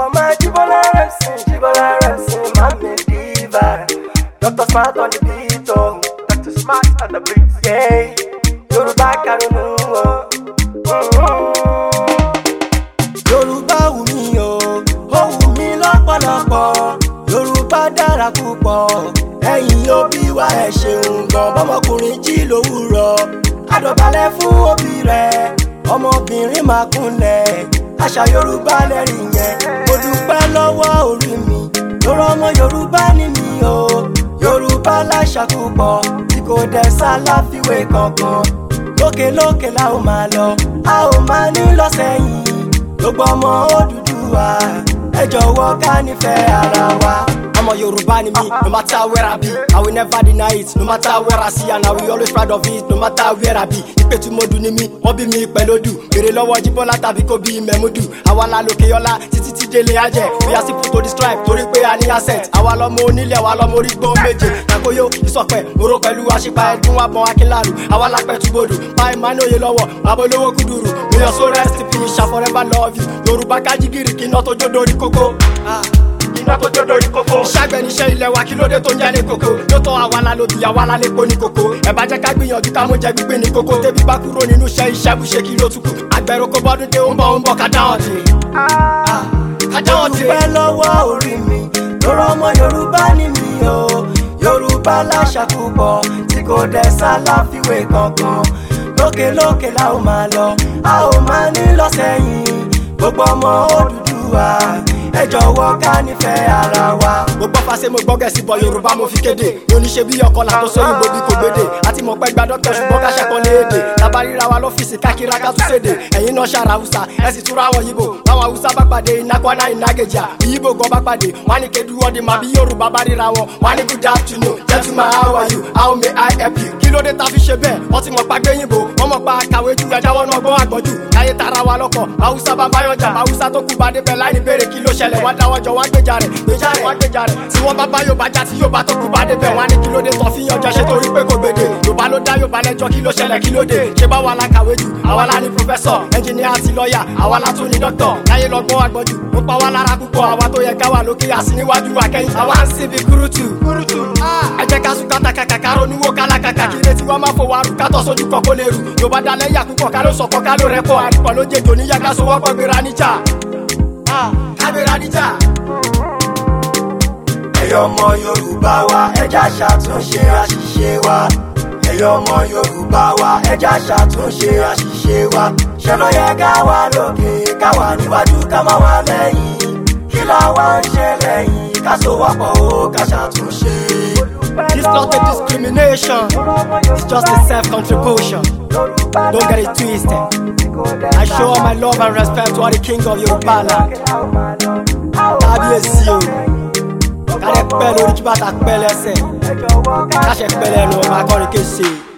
ọmọ jíbọlá rẹsìn jíbọlá rẹsìn mami diva Dr. Smart on the beat o oh. Dr. Smart on the beat yeah o. Oh. Yorùbá wù mí o oh. ó wù mí lọ́pọ̀lọpọ̀ Yorùbá dára púpọ̀ ẹ̀yin òbí wa ẹ ọmọbìnrin máa kúnlẹ̀ àṣà yorùbá lẹ́rìn yẹn mo dúpẹ́ lọ́wọ́ orí mi lóró ọmọ yorùbá ni mi o yorùbá láṣà púpọ̀ tí kò dẹ̀ sá láfiwé kankan lókèlókè la ó máa lọ a ó máa ní lọ́sẹ̀yìn gbogbo ọmọ Odùduwà ẹ jọ̀wọ́ ká nífẹ̀ẹ́ ara wa ọmọ yorùbá ni mi no matter where i be i will never deny it no matter where i see and i will always proud of it no matter where i be ipe tí mo dùn ni mi wọ́n bí mi pẹ̀lú odù èrè lọ́wọ́ jíbọ́lá tàbí kò bí mẹ́múdù àwa la lòkè yọlá títí tí délé ajẹ́ we are simple to describe torí pé a ní asset àwa lọ́mọ onílẹ̀ àwa lọ́mọ orígbó méje takoyo ìsọ̀pẹ̀ oró pẹ̀lú àṣìpa ẹ̀dùn àbọ̀n akínlárù àwa lápẹ̀ túbodù pa emmanuel oyè lọ́wọ́ abolówó kúdùrù mi yàn so rest in peace i forever love you yorùbá kájígìrì kí iná tó jó dorí iná tó jó lórí kókó. ṣàgbẹ̀niṣẹ́ ilẹ̀ wa kí ló dé tó ń jalè kókó. ló tọ́ àwa la lòdì àwa la lépo ní kókó. ẹ bá jẹ́ ká gbìyànjú ká mú jẹ gbígbé ní kókó. tẹ́bí bá kúrò nínú iṣẹ́ iṣẹ́ bú ṣe kí ló tukù. àgbẹ̀rù kó bọ́dún dé ó ń bọ̀ ó ń bọ̀ ká dáhùn tì. lọ́wọ́ orí lókè lókè la ó máa lọ a ó máa ní lọ́sẹ̀yìn gbogbo ọmọ Odùduwà ẹ jọ̀wọ́ ká nífẹ̀ẹ́ ara wa. mo gbọ́ fàṣẹ mo gbọ́ gẹ̀ẹ́sì bọ yorùbá mo fi kéde oníṣẹ́ bí ọkọ̀ làtọ́ sóyún bóbi kò gbédè àti mọ̀pẹ́ gba dókítà ṣùgbọ́n ká ṣàkọlé èdè bá ríra wa lọ́fíìsì kákìrá ká tún ṣèdè ẹ̀yin náà ṣàrà haúsá ẹ sì túra àwọn yìbò báwọn haúsá bá pàdé ìnákọ́ná ìnágẹ̀jà ìyíbò gan bá pàdé wọn ní kedu wọn di màbí yorùbá bá ríra wọn wọn ní good afternoon gentleman how are you how may i help you kí ló dé ta fi ṣe bẹ́ẹ̀ wọ́n ti mọ̀ pa gbẹ̀yìnbó wọ́n mọ̀ pa kàwé ju ẹ̀jáwọ́ náà gbọ́n àgbọ̀jù káyé tara wa lọ́kọ̀ haúsá bá báyọ̀jà haúsá tó kú bá débẹ̀ láì ní béèrè kí ló ṣẹlẹ̀ wọ́n dáwọ́ jọ wọ́n gbèjà rẹ̀ gbèjà rẹ̀ tí wọ́n bá bá bá já tí yóò bá tó kú bá débẹ̀ wọ́n á ní kí ló dé tán fi yànjọ ṣe torí pé kò gbèdè ló dá Yorùbá lẹ́jọ́ kí ló ṣẹlẹ̀ kí ló dé ṣé bá wa la kàwé jù àwa la ní pòfẹ́sọ̀ ẹnjìníà àti lọ́ọ̀yà àwa la tún ní dókítọ̀ láyé lọ́gbọ́n àgbọ̀jù ó pa wá lára púpọ̀ àwa tó yẹ ká wà lókè àsì níwájú àkẹ́yìn àwa ń síbi kúrútù kúrútù ah! ẹ jẹ́ ká sùn kátàkàkà ká ronú wó kálákàkà ah. kí retí wa máa fowó arù kátọ̀ sójú kọ̀ kó lè rù Yorùbá dalẹ̀ ah! ọmọ Yorùbá wa ẹja ṣàtúnṣe àṣìṣe wa ẹ̀yin ọmọ yorùbá wa ẹja ṣàtúnṣe àṣìṣe wa ṣé yẹ ká wà lókè ká wà níwájú ká má wà lẹ́yìn kí la wá ń ṣe lẹ́yìn ká sowọ́pọ̀ ó ká ṣàtúnṣe. It's not a discrimination, it's just a self-contribution. Don't get it twisted. I show all my love and respect to all the kings of Yoruba land. Kábíyèsí o, kárẹ́ pẹ́ lórí kí bàtà pẹ́ lẹ́sẹ̀ láṣẹ pẹ̀lẹ́ lọ máa kọrin kése.